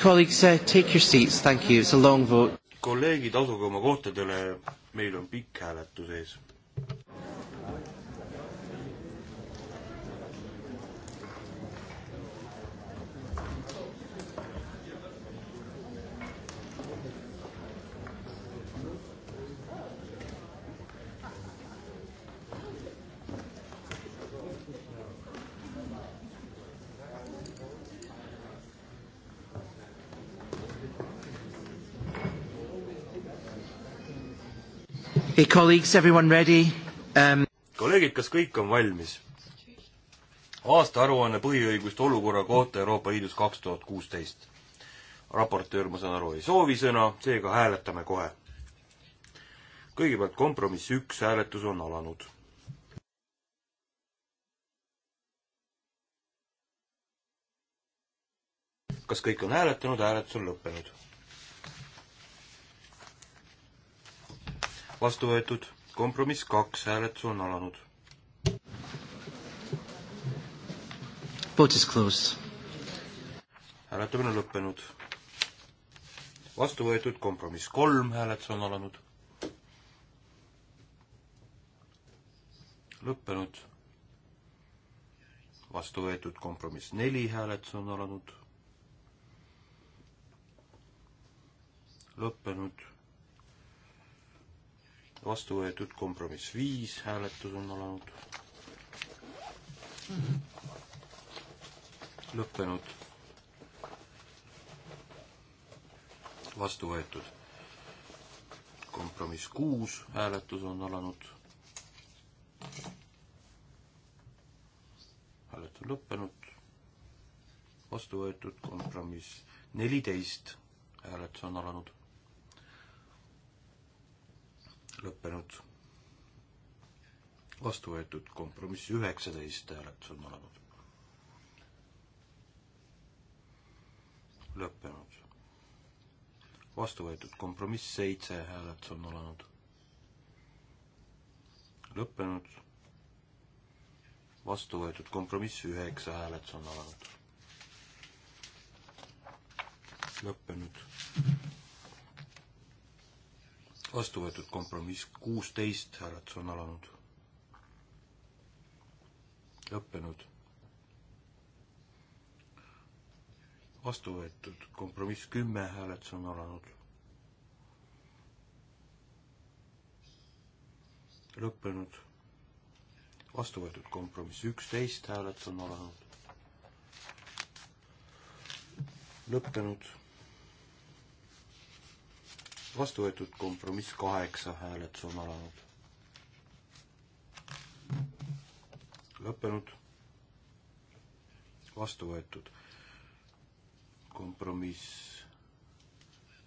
Colleagues, uh, take your seats, thank you, it's a long vote. kolleegid, asuge oma kohtadele, meil on pikk hääletus ees Hey colleagues, everyone ready um...? kolleegid, kas kõik on valmis? aastaaruanne põhiõiguste olukorra kohta Euroopa Liidus kaks tuhat kuusteist. raportöör, ma saan aru, ei soovi sõna, seega hääletame kohe. kõigepealt kompromiss üks, hääletus on alanud. kas kõik on hääletanud, hääletus on lõppenud vastu võetud, kompromiss kaks, hääletus on alanud. hääletamine on lõppenud. vastu võetud kompromiss kolm, hääletus on alanud. lõppenud. vastu võetud kompromiss neli, hääletus on alanud. lõppenud vastu võetud kompromiss viis, hääletus on alanud. lõppenud. vastu võetud kompromiss kuus, hääletus on alanud. hääletus on lõppenud. vastu võetud kompromiss neliteist, hääletus on alanud lõppenud. vastu võetud kompromiss üheksateist hääletus on alanud. lõppenud. vastu võetud kompromiss seitse hääletus on alanud. lõppenud. vastu võetud kompromiss üheksa hääletus on alanud. lõppenud vastu võetud kompromiss kuusteist, hääletus on alanud. lõppenud. vastu võetud kompromiss kümme, hääletus on alanud. lõppenud. vastu võetud kompromiss üksteist, hääletus on alanud. lõppenud vastu võetud kompromiss kaheksa, hääletus on alanud. lõppenud. vastu võetud kompromiss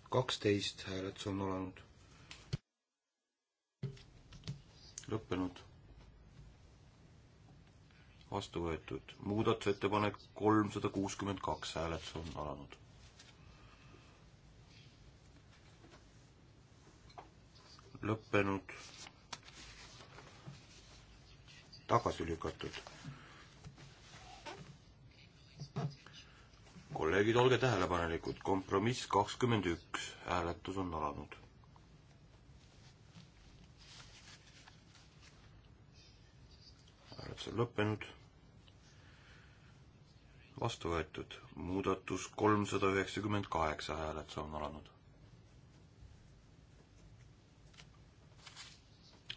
kaksteist, hääletus on alanud. lõppenud. vastu võetud muudatusettepanek kolmsada kuuskümmend kaks, hääletus on alanud lõppenud, tagasi lükatud. kolleegid, olge tähelepanelikud, kompromiss kakskümmend üks, hääletus on alanud. hääletus on lõppenud vastu võetud. muudatus kolmsada üheksakümmend kaheksa hääletus on alanud.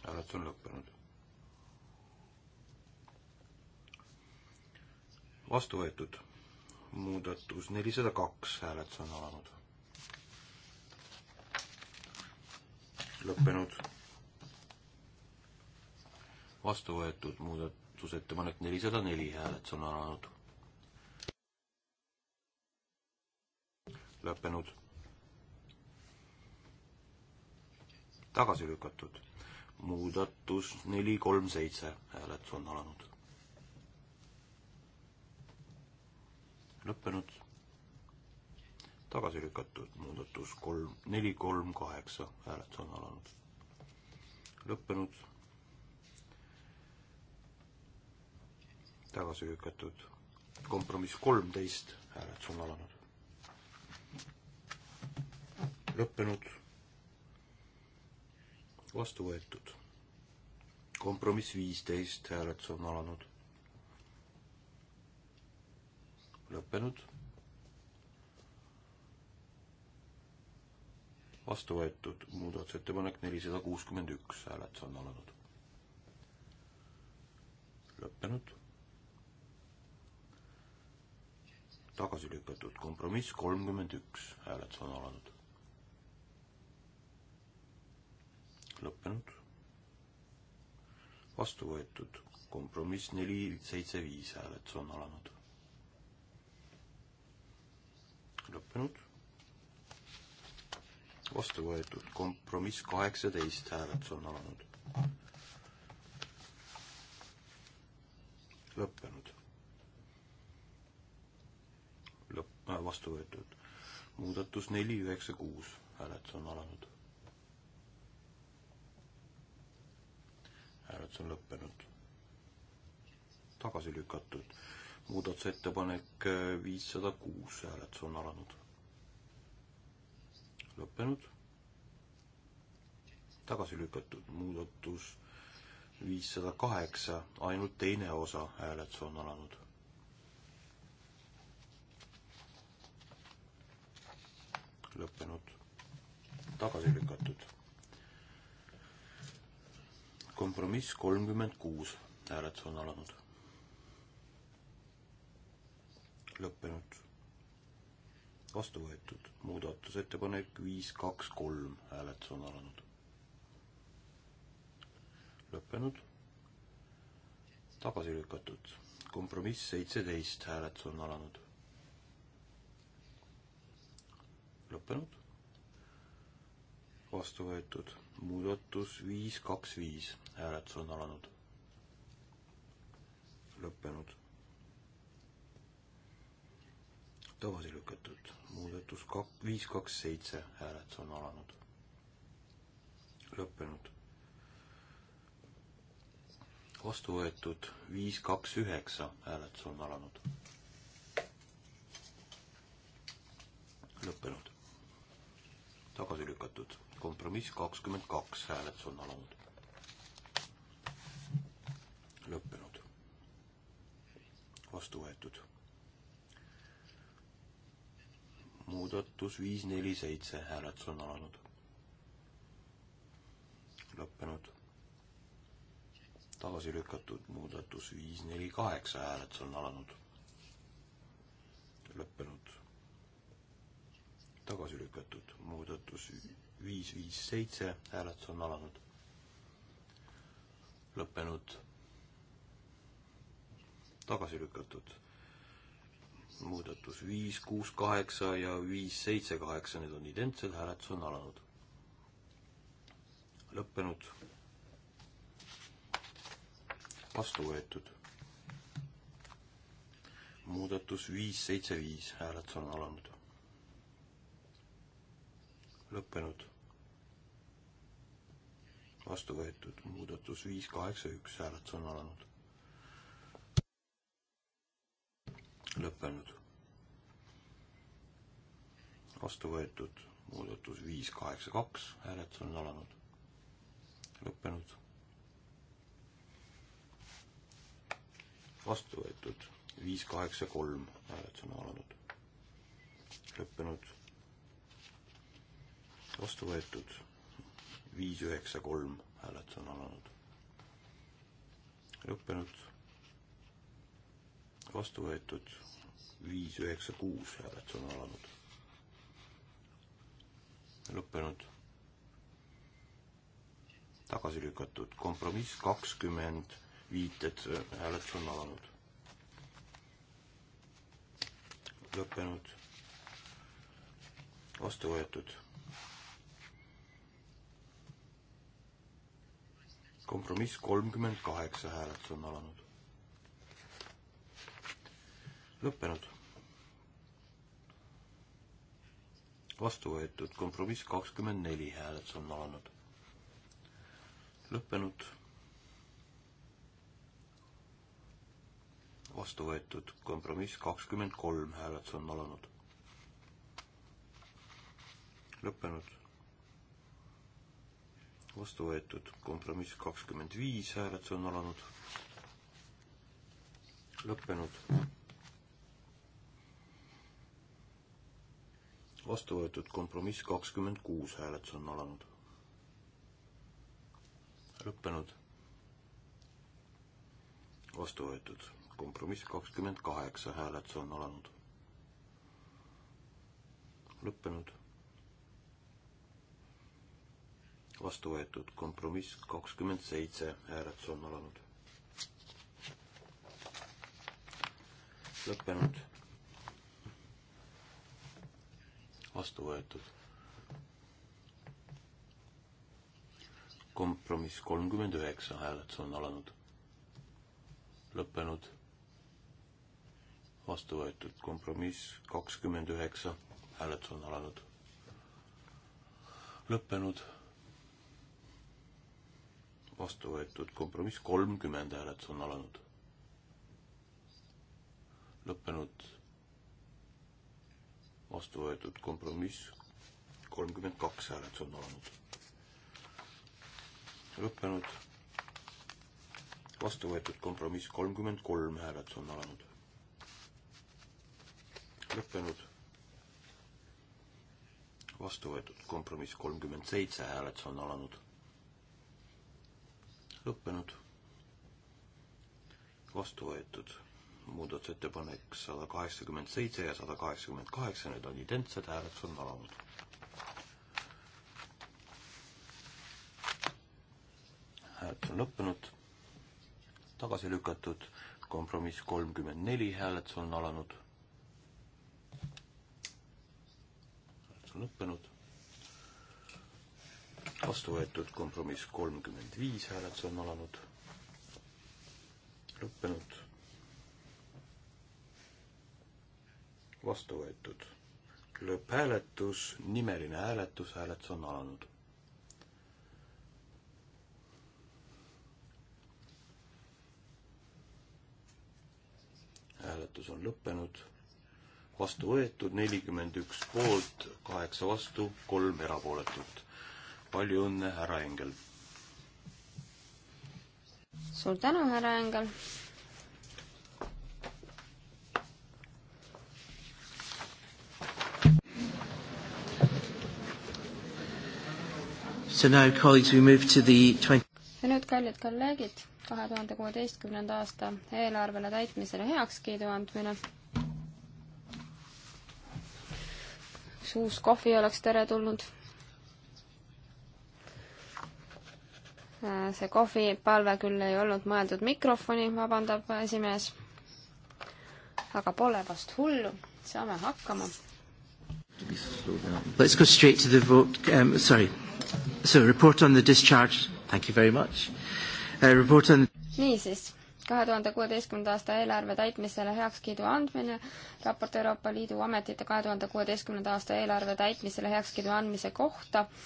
hääletus on lõppenud. vastu võetud muudatus nelisada kaks hääletus on alanud. lõppenud. vastu võetud muudatusettepanek nelisada neli hääletus on alanud. lõppenud. tagasi lükatud muudatus neli, kolm, seitse, hääletus on alanud. lõppenud. tagasi lükatud muudatus kolm, neli, kolm, kaheksa, hääletus on alanud. lõppenud. tagasi lükatud kompromiss kolmteist, hääletus on alanud. lõppenud vastu võetud. kompromiss viisteist, hääletus on alanud. lõppenud. vastu võetud muudatusettepanek nelisada kuuskümmend üks, hääletus on alanud. lõppenud. tagasi lükatud kompromiss kolmkümmend üks, hääletus on alanud lõppenud. vastu võetud kompromiss neli, seitse, viis hääletus on alanud. lõppenud. vastu võetud kompromiss kaheksateist hääletus on alanud. lõppenud. lõpp, äh, vastu võetud muudatus neli, üheksa, kuus hääletus on alanud hääletus on lõppenud. tagasi lükatud. muudatusettepanek äh, viissada kuus, hääletus on alanud. lõppenud. tagasi lükatud. muudatus viissada kaheksa, ainult teine osa hääletus on alanud. lõppenud. tagasi lükatud kompromiss kolmkümmend kuus, hääletus on alanud. lõppenud. vastu võetud muudatusettepanek viis, kaks, kolm, hääletus on alanud. lõppenud. tagasi lükatud kompromiss seitseteist, hääletus on alanud. lõppenud vastu võetud. muudatus viis, kaks, viis, hääletus on alanud. lõppenud. tagasi lükatud. muudatus kak-, viis, kaks, seitse, hääletus on alanud. lõppenud. vastu võetud viis, kaks, üheksa, hääletus on alanud. lõppenud tagasi lükatud. kompromiss kakskümmend kaks, hääletus on alanud. lõppenud. vastu võetud. muudatus viis, neli, seitse, hääletus on alanud. lõppenud. tagasi lükatud muudatus viis, neli, kaheksa, hääletus on alanud. lõppenud tagasi lükatud. muudatus viis, viis, seitse, hääletus on alanud. lõppenud. tagasi lükatud. muudatus viis, kuus, kaheksa ja viis, seitse, kaheksa, need on identsed, hääletus on alanud. lõppenud. vastu võetud. muudatus viis, seitse, viis, hääletus on alanud lõppenud. vastu võetud muudatus viis kaheksa üks, hääletus on alanud. lõppenud. vastu võetud muudatus viis kaheksa kaks, hääletus on alanud. lõppenud. vastu võetud viis kaheksa kolm, hääletus on alanud. lõppenud vastu võetud. viis üheksa kolm hääletus on alanud. lõppenud. vastu võetud. viis üheksa kuus hääletus on alanud. lõppenud. tagasi lükatud kompromiss kakskümmend viited äh, hääletus on alanud. lõppenud. vastu võetud kompromiss kolmkümmend kaheksa hääletus on alanud. lõppenud. vastu võetud kompromiss kakskümmend neli hääletus on alanud. lõppenud. vastu võetud kompromiss kakskümmend kolm hääletus on alanud. lõppenud vastu võetud. kompromiss kakskümmend viis, hääletus on alanud. lõppenud. vastu võetud kompromiss kakskümmend kuus, hääletus on alanud. lõppenud. vastu võetud kompromiss kakskümmend kaheksa, hääletus on alanud. lõppenud vastu võetud kompromiss kakskümmend seitse, hääletus on alanud. lõppenud. vastu võetud. kompromiss kolmkümmend üheksa, hääletus on alanud. lõppenud. vastu võetud kompromiss kakskümmend üheksa, hääletus on alanud. lõppenud vastu võetud, kompromiss kolmkümmend hääletus on alanud. lõppenud, vastu võetud, kompromiss kolmkümmend kaks hääletus on alanud. lõppenud, vastu võetud, kompromiss kolmkümmend kolm hääletus on alanud. lõppenud vastu võetud kompromiss kolmkümmend seitse hääletus on alanud lõppenud. vastu võetud muudatusettepanek sada kaheksakümmend seitse ja sada kaheksakümmend kaheksa, need on identsed, hääletus on alanud. hääletus on lõppenud, tagasi lükatud, kompromiss kolmkümmend neli, hääletus on alanud. hääletus on lõppenud vastu võetud kompromiss kolmkümmend viis, hääletus on alanud, lõppenud, vastu võetud lõpphääletus, nimeline hääletus, hääletus on alanud. hääletus on lõppenud, vastu võetud nelikümmend üks poolt, kaheksa vastu, kolm erapooletut palju õnne, härra Engel! suur tänu, härra Engel! So now, colleagues, we move to the 20... ja nüüd, kallid kolleegid, kahe tuhande kuueteistkümnenda aasta eelarvele täitmisele heakskiidu andmine üks uus kohvi oleks teretulnud. Äh, see kohvipalve küll ei olnud mõeldud mikrofoni, vabandab esimees. aga pole vast hullu, saame hakkama. Let's go straight to the vote um,, sorry. So report on the discharge, thank you very much uh,. Report on niisiis, kahe tuhande kuueteistkümnenda aasta eelarve täitmisele heakskiidu andmine, raport Euroopa Liidu ametite kahe tuhande kuueteistkümnenda aasta eelarve täitmisele heakskiidu andmise kohta uh,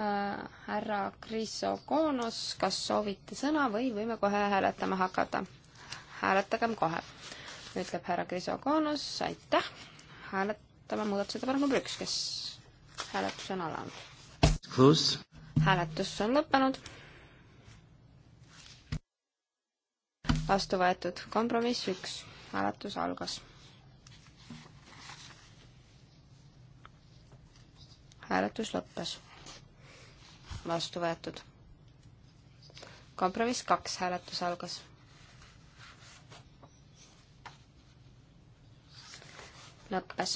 Äh, härra Krisokonos, kas soovite sõna või võime kohe hääletama hakata? hääletagem kohe, ütleb härra Krisokonos, aitäh. hääletame muudatusettepaneku number üks, kes hääletus on alanud. hääletus on lõppenud. vastu võetud kompromiss üks, hääletus algas hääletus lõppes vastu võetud. kompromiss kaks, hääletus algas. lõppes.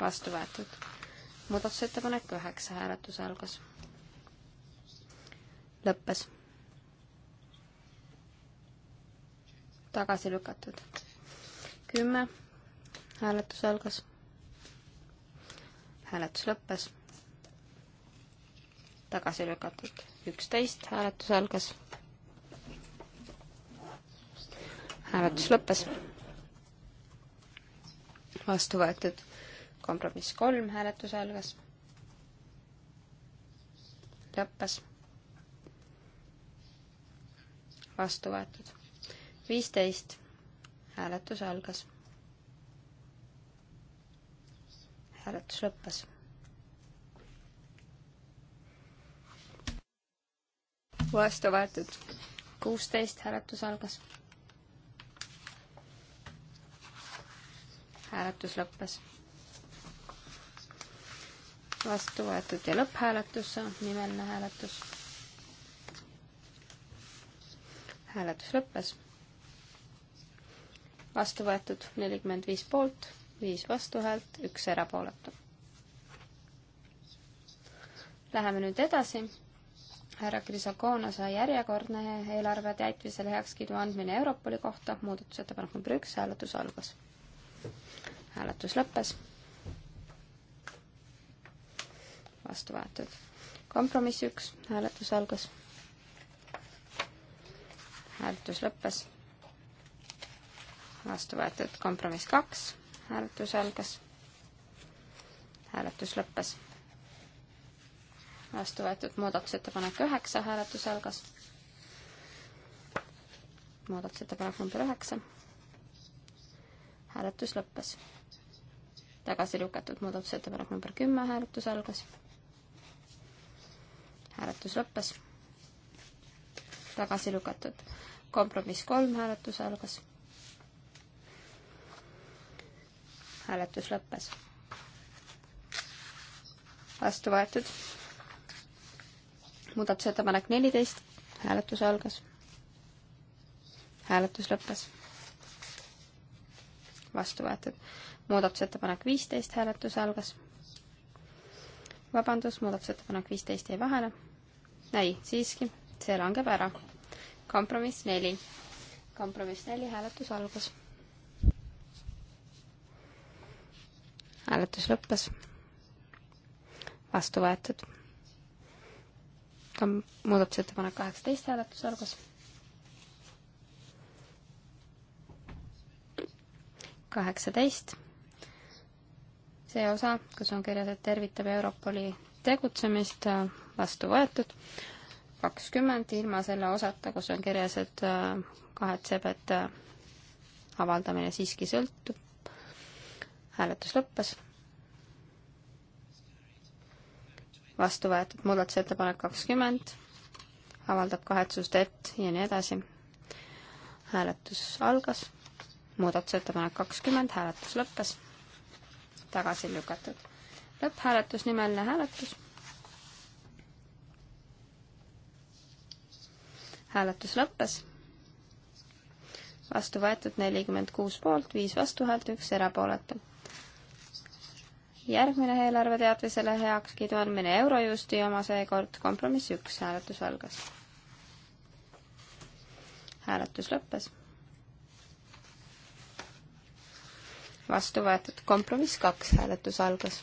vastu võetud. muudatusettepanek üheksa, hääletus algas. lõppes. tagasi lükatud. kümme, hääletus algas. hääletus lõppes tagasi lükatud. üksteist, hääletus algas. hääletus lõppes. vastu võetud. kompromiss kolm, hääletus algas. lõppes. vastu võetud. viisteist, hääletus algas. hääletus lõppes vastu võetud. kuusteist, hääletus algas. hääletus lõppes. vastu võetud ja lõpphääletus, nimeline hääletus. hääletus lõppes. vastu võetud nelikümmend viis poolt, viis vastuhäält, üks erapooletu. Läheme nüüd edasi härra Krisokoonase järjekordne eelarve täitmisele heakskiidu andmine Europoli kohta, muudatusettepanek number üks, hääletus algas. hääletus lõppes. vastu võetud. kompromiss üks, hääletus algas. hääletus lõppes. vastu võetud. kompromiss kaks, hääletus algas. hääletus lõppes vastu võetud muudatusettepanek üheksa, hääletus algas. muudatusettepanek number üheksa. hääletus lõppes. tagasi lükatud muudatusettepanek number kümme, hääletus algas. hääletus lõppes. tagasi lükatud. kompromiss kolm, hääletus algas. hääletus lõppes. vastu võetud muudatusettepanek neliteist, hääletus algas. hääletus lõppes. vastu võetud. muudatusettepanek viisteist, hääletus algas. vabandust, muudatusettepanek viisteist jäi vahele. ei, siiski, see langeb ära. kompromiss neli. kompromiss neli, hääletus algas. hääletus lõppes. vastu võetud ka muudatusettepanek kaheksateist hääletus algas. kaheksateist. see osa, kus on kirjas, et tervitab Europoli tegutsemist, vastu võetud. kakskümmend ilma selle osata, kus on kirjas, et äh, kahetseb, et äh, avaldamine siiski sõltub. hääletus lõppes vastu võetud muudatusettepanek kakskümmend, avaldab kahetsust, et ja nii edasi. hääletus algas, muudatusettepanek kakskümmend, hääletus lõppes, tagasi lükatud. lõpphääletus, nimeline hääletus. hääletus lõppes vastu võetud nelikümmend kuus poolt, viis vastuhäält, üks erapooletu järgmine eelarveteadvisele heakskiidu andmine Eurojusti oma seekord kompromiss üks, hääletus algas. hääletus lõppes. vastu võetud kompromiss kaks, hääletus algas.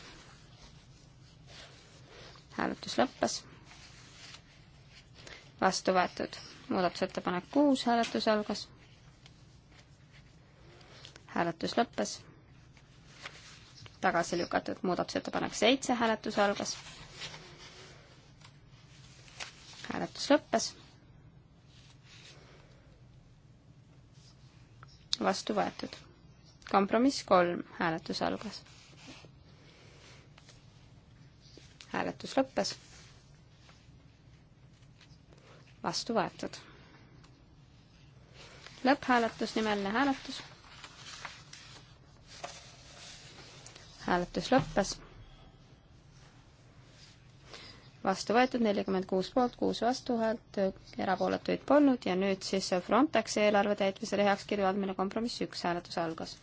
hääletus lõppes. vastu võetud muudatusettepanek kuus, hääletus algas. hääletus lõppes tagasi lükatud. muudatusettepanek seitse, hääletus algas. hääletus lõppes. vastu võetud. kompromiss kolm, hääletus algas. hääletus lõppes. vastu võetud. lõpphääletus, nimeline hääletus hääletus lõppes. vastu võetud nelikümmend kuus poolt, kuus vastuhäält, erapooletuid polnud ja nüüd siis Frontexi eelarve täitmisele heakskiidu andmine kompromiss üks hääletus algas.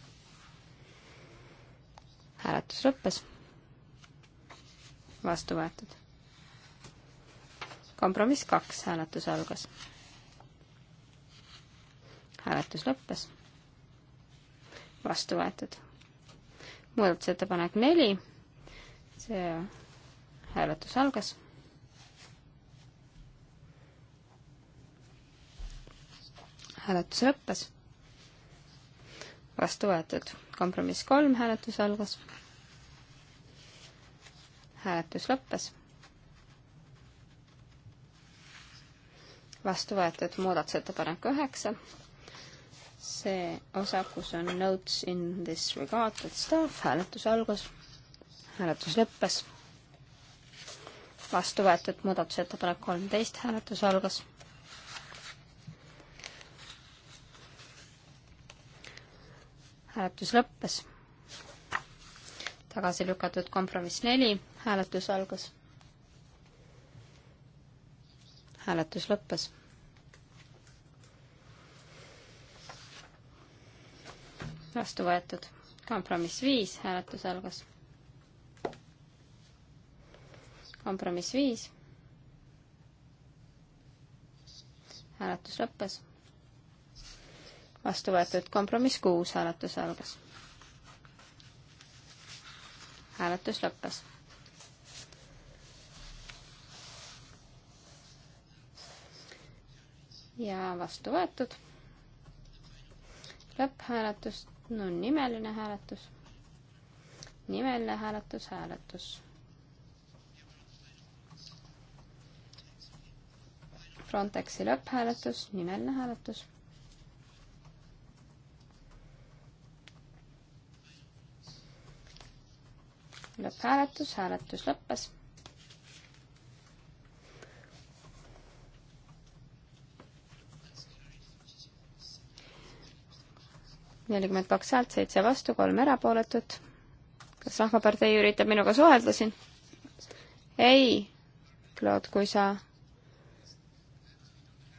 hääletus lõppes. vastu võetud. kompromiss kaks hääletus algas. hääletus lõppes. vastu võetud muudatusettepanek neli, see hääletus algas. hääletus lõppes. vastu võetud. kompromiss kolm, hääletus algas. hääletus lõppes. vastu võetud muudatusettepanek üheksa see osa, kus on notes in this regard and stuff, hääletus algas, hääletus lõppes. vastu võetud muudatusettepanek kolmteist, hääletus algas. hääletus lõppes. tagasi lükatud kompromiss neli, hääletus algas. hääletus lõppes vastu võetud. kompromiss viis, hääletus algas. kompromiss viis. hääletus lõppes. vastu võetud kompromiss kuus, hääletus algas. hääletus lõppes. ja vastu võetud lõpphääletust no nimeline hääletus. nimeline hääletus, hääletus. Frontexi lõpphääletus, nimeline hääletus. lõpphääletus, hääletus lõppes nelikümmend kaks häält, seitse vastu, kolm erapooletut. kas Rahvapartei üritab minuga suhelda siin? ei, Claude, kui sa,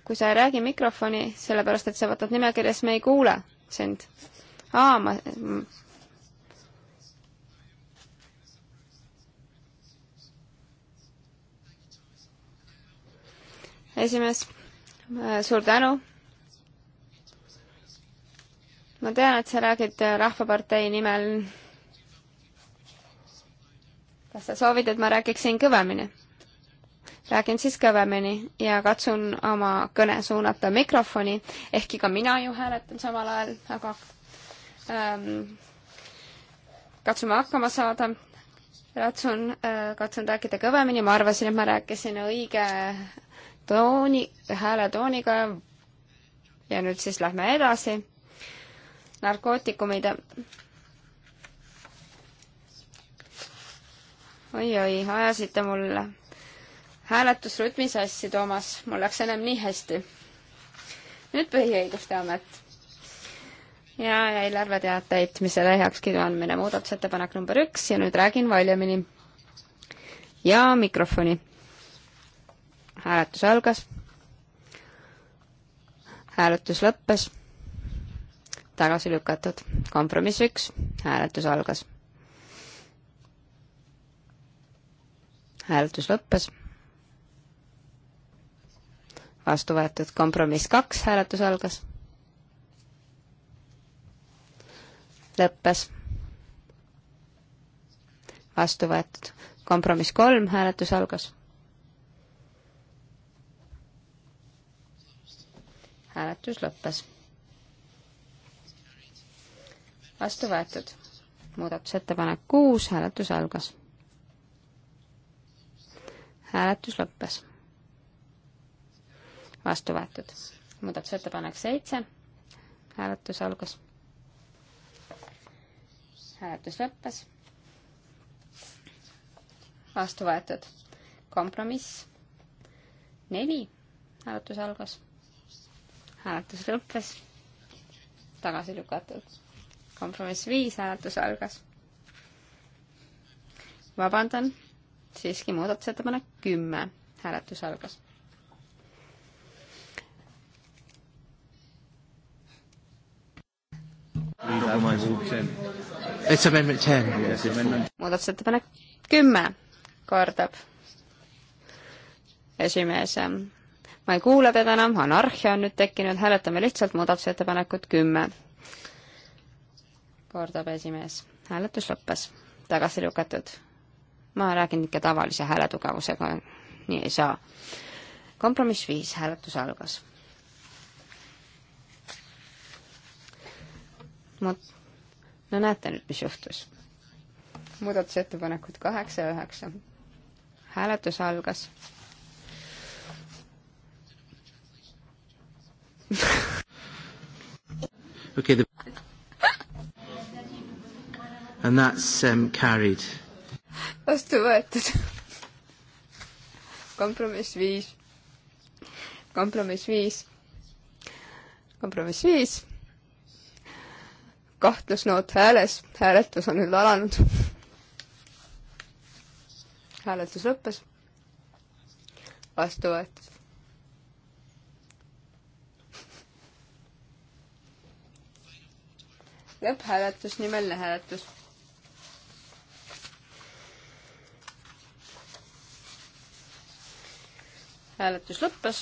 kui sa ei räägi mikrofoni, sellepärast et sa võtad nimekirja, siis me ei kuule sind. aa, ma mm. esimees, suur tänu ma tean, et sa räägid äh, Rahvapartei nimel. kas sa soovid, et ma räägiksin kõvemini? räägin siis kõvemini ja katsun oma kõne suunata mikrofoni, ehkki ka mina ju hääletan samal ajal, aga ähm, katsume hakkama saada. katsun äh,, katsun rääkida kõvemini, ma arvasin, et ma rääkisin õige tooni, hääletooniga. ja nüüd siis lähme edasi narkootikumid oi-oi, ajasite mul hääletusrütmi sassi, Toomas, mul läks ennem nii hästi. nüüd Põhiõiguste Amet. ja, ja eelarveteate heitmisele heakskiidu andmine, muudatusettepanek number üks ja nüüd räägin valjemini. ja mikrofoni. hääletus algas. hääletus lõppes tagasi lükatud. kompromiss üks, hääletus algas. hääletus lõppes. vastu võetud kompromiss kaks, hääletus algas. lõppes. vastu võetud kompromiss kolm, hääletus algas. hääletus lõppes vastu võetud. muudatusettepanek kuus, hääletus algas. hääletus lõppes. vastu võetud. muudatusettepanek seitse, hääletus algas. hääletus lõppes. vastu võetud. kompromiss neli, hääletus algas. hääletus lõppes. tagasi lükatud kompromiss viis hääletus algas. vabandan, siiski muudatusettepanek kümme hääletus algas. muudatusettepanek kümme kordab esimees. ma ei kuule teda enam, anarhia on nüüd tekkinud, hääletame lihtsalt muudatusettepanekut kümme kordab esimees. hääletus lõppes. tagasi lükatud. ma räägin ikka tavalise hääletugevusega, nii ei saa. kompromiss viis, hääletus algas. vot, no näete nüüd, mis juhtus. muudatusettepanekud kaheksa ja üheksa. hääletus algas okay, the and that's um, carried. vastu võetud. kompromiss viis. kompromiss viis. kompromiss viis. kahtlusnoot hääles, hääletus on nüüd alanud. hääletus lõppes. vastu võetud. lõpphääletus, nimeline hääletus hääletus lõppes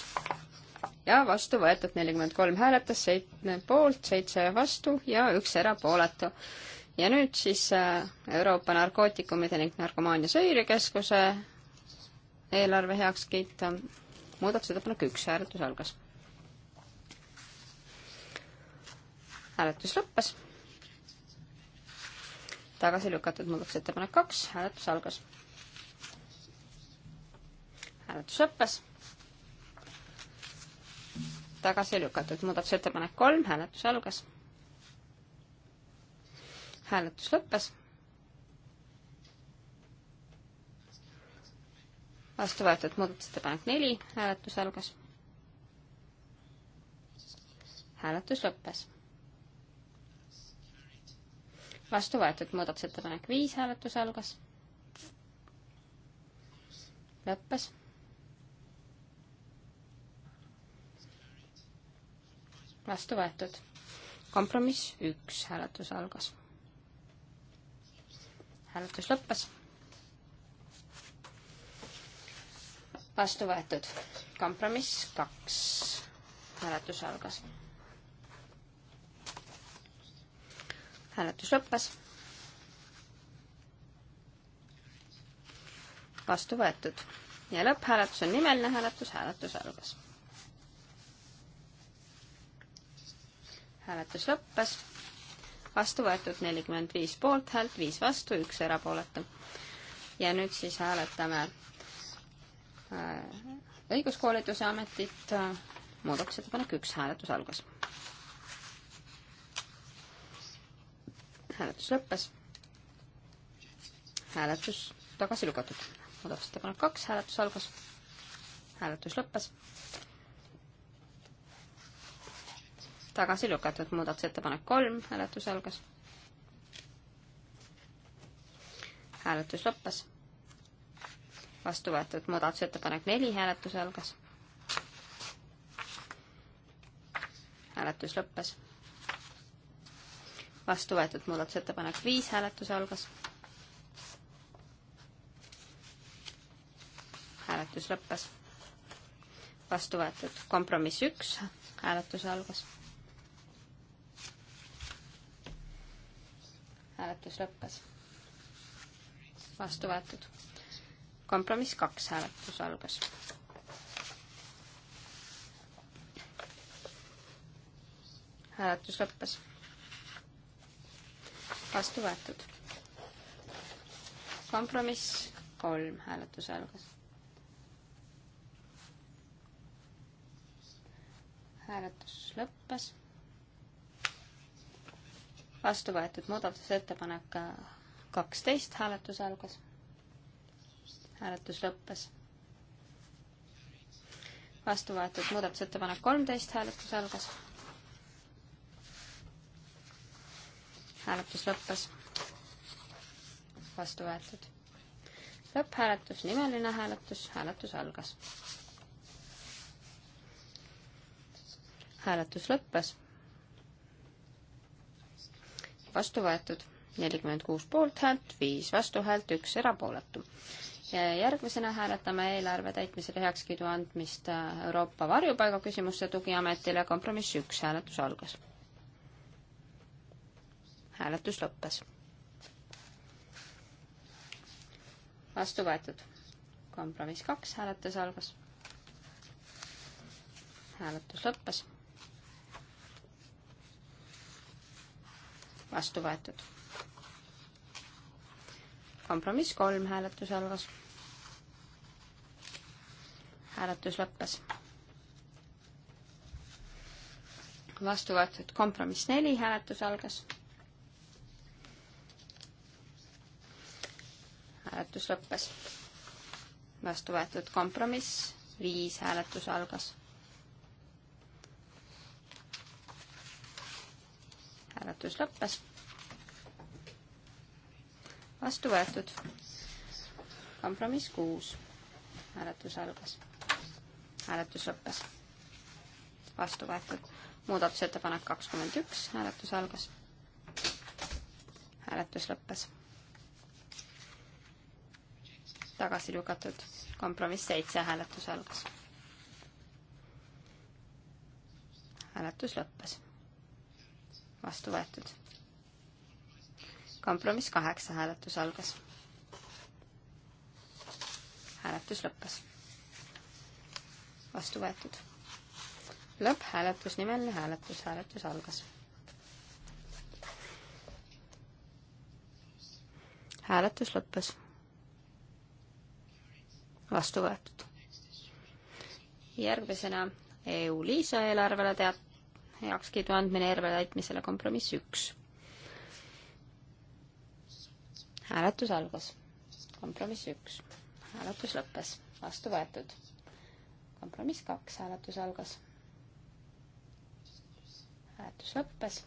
ja vastu võetud nelikümmend kolm hääletas, seitse poolt, seitse vastu ja üks erapooletu. ja nüüd siis äh, Euroopa Narkootikumide ning Narkomaania Seirekeskuse eelarve heakskiit, muudatusettepanek üks, hääletus algas. hääletus lõppes. tagasi lükatud muudatusettepanek kaks, hääletus algas. hääletus lõppes tagasi lükatud. muudatusettepanek kolm, hääletus algas. hääletus lõppes. vastu võetud muudatusettepanek neli, hääletus algas. hääletus lõppes. vastu võetud muudatusettepanek viis, hääletus algas. lõppes vastu võetud. kompromiss üks, hääletus algas. hääletus lõppes. vastu võetud. kompromiss kaks, hääletus algas. hääletus lõppes. vastu võetud ja lõpphääletus on nimeline hääletus, hääletus algas hääletus lõppes. vastu võetud nelikümmend viis poolthäält, viis vastu, üks erapooletu. ja nüüd siis hääletame äh, õiguskoolituse ametit, äh, muudatusettepanek üks, hääletus algas. hääletus lõppes. hääletus tagasi lükatud. muudatusettepanek kaks, hääletus algas. hääletus lõppes tagasi lükatud, muudatusettepanek kolm, hääletus algas. hääletus lõppes. vastu võetud muudatusettepanek neli, hääletus algas. hääletus lõppes. vastu võetud muudatusettepanek viis, hääletus algas. hääletus lõppes. vastu võetud kompromiss üks, hääletus algas hääletus lõppes. vastu võetud. kompromiss kaks, hääletus algas. hääletus lõppes. vastu võetud. kompromiss kolm, hääletus algas. hääletus lõppes vastu võetud muudatusettepanek äh, kaksteist, hääletus algas. hääletus lõppes. vastu võetud muudatusettepanek kolmteist, hääletus algas. hääletus lõppes. vastu võetud. lõpphääletus, nimeline hääletus, hääletus algas. hääletus lõppes vastu võetud. nelikümmend kuus poolthäält, viis vastuhäält, üks erapooletu. järgmisena hääletame eelarve täitmisele heakskiidu andmist äh, Euroopa Varjupaigaküsimuste Tugiametile, kompromiss üks, hääletus algas. hääletus lõppes. vastu võetud. kompromiss kaks, hääletus algas. hääletus lõppes vastu võetud. kompromiss kolm hääletus algas. hääletus lõppes. vastu võetud kompromiss neli hääletus algas. hääletus lõppes. vastu võetud kompromiss viis hääletus algas hääletus lõppes. vastu võetud. kompromiss kuus. hääletus algas. hääletus lõppes. vastu võetud. muudatusettepanek kakskümmend üks, hääletus algas. hääletus lõppes. tagasi lükatud. kompromiss seitse, hääletus algas. hääletus lõppes vastu võetud. kompromiss kaheksa, hääletus algas. hääletus lõppes. vastu võetud. lõpphääletus, nimeline hääletus, hääletus algas. hääletus lõppes. vastu võetud. järgmisena EU lisaeelarvele teat-, heakskiidu andmine järve täitmisele, kompromiss üks. hääletus algas, kompromiss üks, hääletus lõppes, vastu võetud. kompromiss kaks, hääletus algas, hääletus lõppes,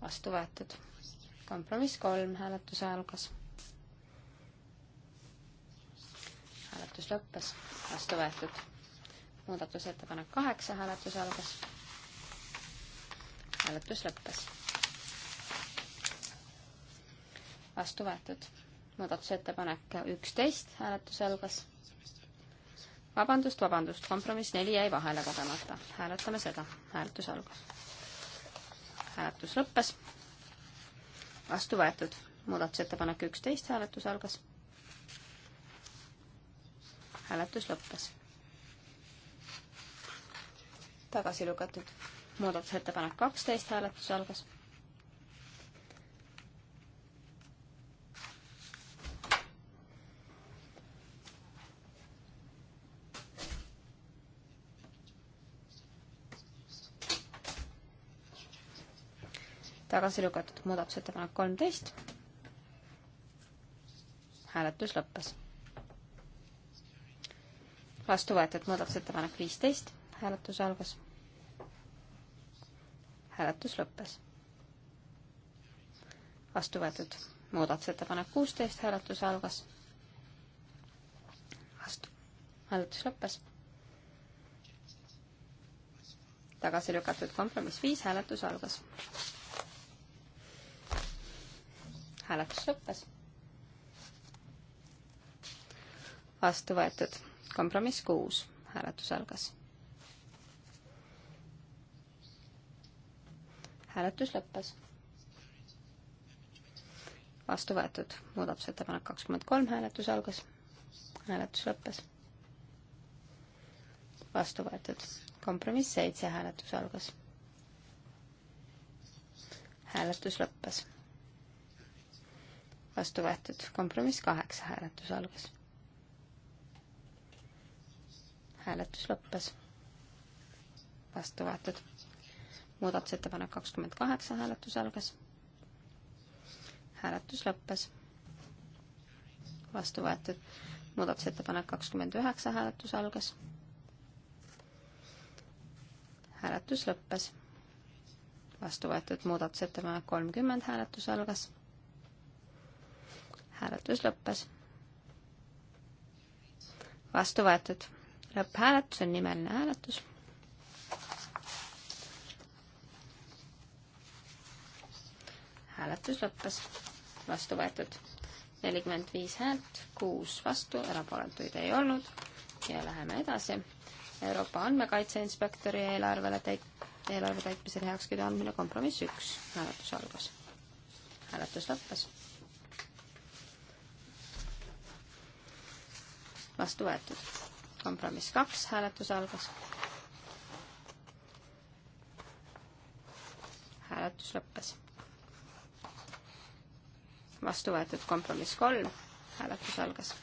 vastu võetud. kompromiss kolm, hääletus algas hääletus lõppes, vastu võetud muudatusettepanek kaheksa, hääletus algas. hääletus lõppes. vastu võetud. muudatusettepanek üksteist, hääletus algas. vabandust, vabandust, kompromiss neli jäi vahele kogemata. hääletame seda, hääletus algas. hääletus lõppes. vastu võetud. muudatusettepanek üksteist, hääletus algas. hääletus lõppes tagasi lükatud. muudatusettepanek kaksteist, hääletus algas. tagasi lükatud muudatusettepanek kolmteist. hääletus lõppes. vastu võetud muudatusettepanek viisteist hääletus algas. hääletus lõppes. vastu võetud muudatusettepanek kuusteist, hääletus algas. vastu, hääletus lõppes. tagasi lükatud kompromiss viis, hääletus algas. hääletus lõppes. vastu võetud kompromiss kuus, hääletus algas hääletus lõppes. vastu võetud muudatusettepanek kakskümmend kolm, hääletus algas, hääletus lõppes. vastu võetud kompromiss seitse, hääletus algas. hääletus lõppes vastu võetud. kompromiss kaheksa, hääletus algas. hääletus lõppes. vastu võetud muudatusettepanek kakskümmend kaheksa, hääletus algas. hääletus lõppes. vastu võetud. muudatusettepanek kakskümmend üheksa, hääletus algas. hääletus lõppes. vastu võetud muudatusettepanek kolmkümmend, hääletus algas. hääletus lõppes. vastu võetud. lõpphääletus on nimeline hääletus hääletus lõppes, vastu võetud nelikümmend viis häält, kuus vastu, erapooletuid ei olnud ja läheme edasi. Euroopa Andmekaitse Inspektori eelarvele täit-, eelarve täitmisel heakskiidu andmine, kompromiss üks, hääletus algas. hääletus lõppes. vastu võetud. kompromiss kaks, hääletus algas. hääletus lõppes vastu võetud kompromiss kolm, hääletus algas.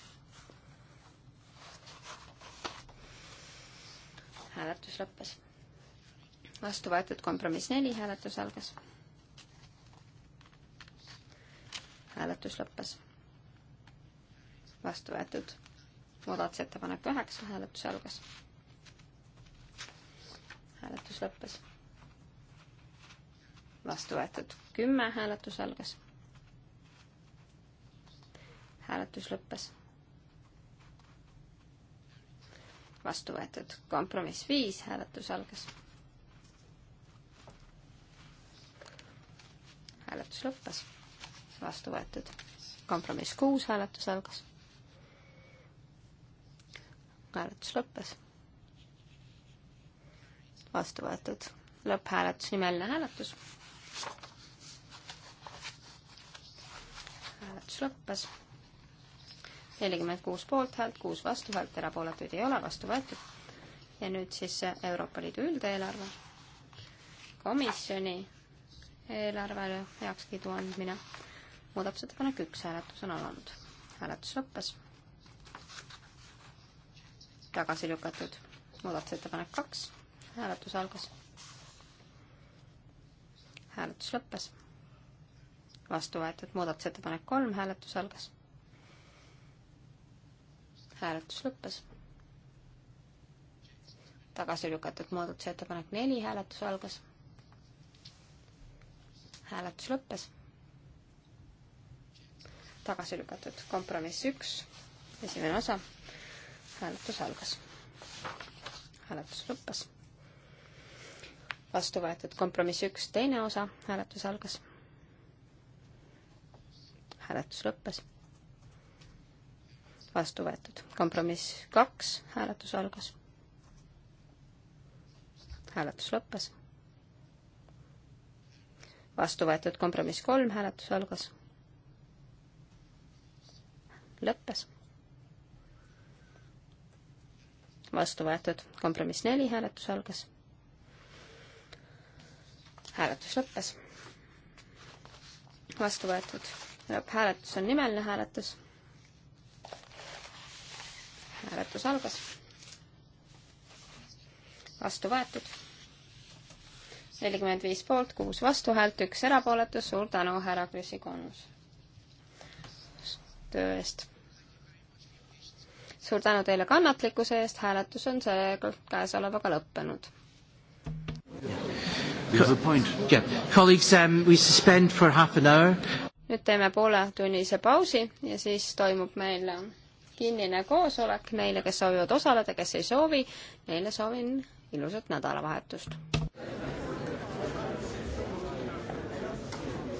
hääletus lõppes. vastu võetud kompromiss neli, hääletus algas. hääletus lõppes. vastu võetud muudatusettepanek üheksa, hääletus algas. hääletus lõppes. vastu võetud kümme, hääletus algas hääletus lõppes. vastu võetud kompromiss viis, hääletus algas. hääletus lõppes, vastu võetud kompromiss kuus, hääletus algas. hääletus lõppes, vastu võetud lõpphääletus, nimeline hääletus. hääletus lõppes nelikümmend kuus poolthäält, kuus vastuhäält, erapooletuid ei ole, vastu võetud. ja nüüd siis Euroopa Liidu üldeelarve, komisjoni eelarvele heakskiidu andmine. muudatusettepanek üks, hääletus on alanud. hääletus lõppes. tagasi lükatud. muudatusettepanek kaks, hääletus algas. hääletus lõppes vastu võetud muudatusettepanek kolm, hääletus algas hääletus lõppes. tagasi lükatud muudatusettepanek neli, hääletus algas. hääletus lõppes. tagasi lükatud kompromiss üks, esimene osa, hääletus algas. hääletus lõppes. vastu võetud kompromiss üks, teine osa, hääletus algas. hääletus lõppes vastu võetud. kompromiss kaks, hääletus algas. hääletus lõppes. vastu võetud kompromiss kolm, hääletus algas. lõppes. vastu võetud kompromiss neli, hääletus algas. hääletus lõppes. vastu võetud lõpphääletus on nimeline hääletus hääletus algas. vastu võetud. nelikümmend viis poolt, kuus vastuhäält, üks erapooletu, suur tänu, härra Krüsi Konnus töö eest. suur tänu teile kannatlikkuse eest, hääletus on seega käesolevaga lõppenud. Um, nüüd teeme pooletunnise pausi ja siis toimub meil um, kinnine koosolek neile, kes soovivad osaleda, kes ei soovi, neile soovin ilusat nädalavahetust!